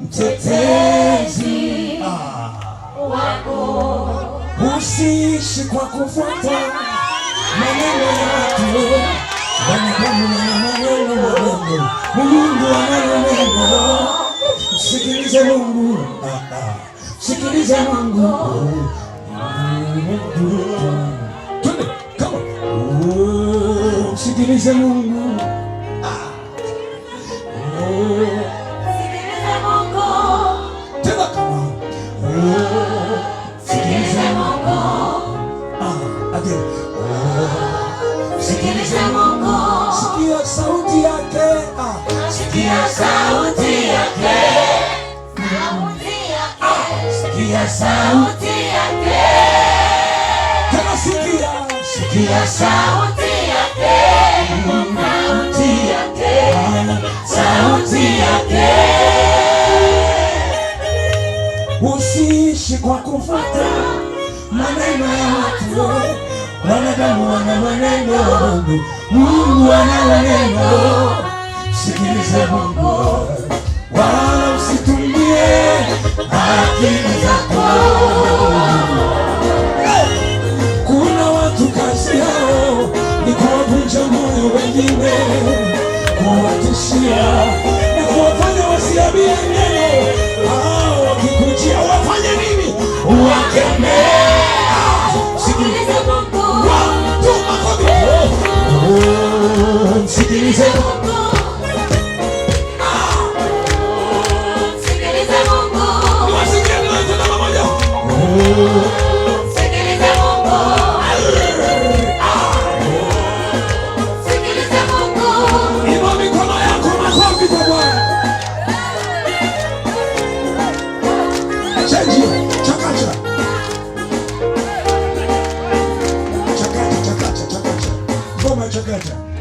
mtetezi wako, ah. usiishi kwa kufuata maneno ya watu, wanadamu wana maneno madogo, Mungu anayo neno. Msikilize Mungu, msikilize Mungu. Msikilize Mungu. sauti yake, tena sikia, sikia sauti yake, sauti yake, sauti yake. Usiishi kwa kufuata maneno ya watu. Wanadamu wana maneno, Mungu ana maneno. Sikiliza Mungu wala usitumbie akili zako kuwatishia na kuwafanya wasiamini neno, hao wakikujia wafanye nini? Wakemee. Sikiliza Mungu, mtuma kwa Mungu, umechakata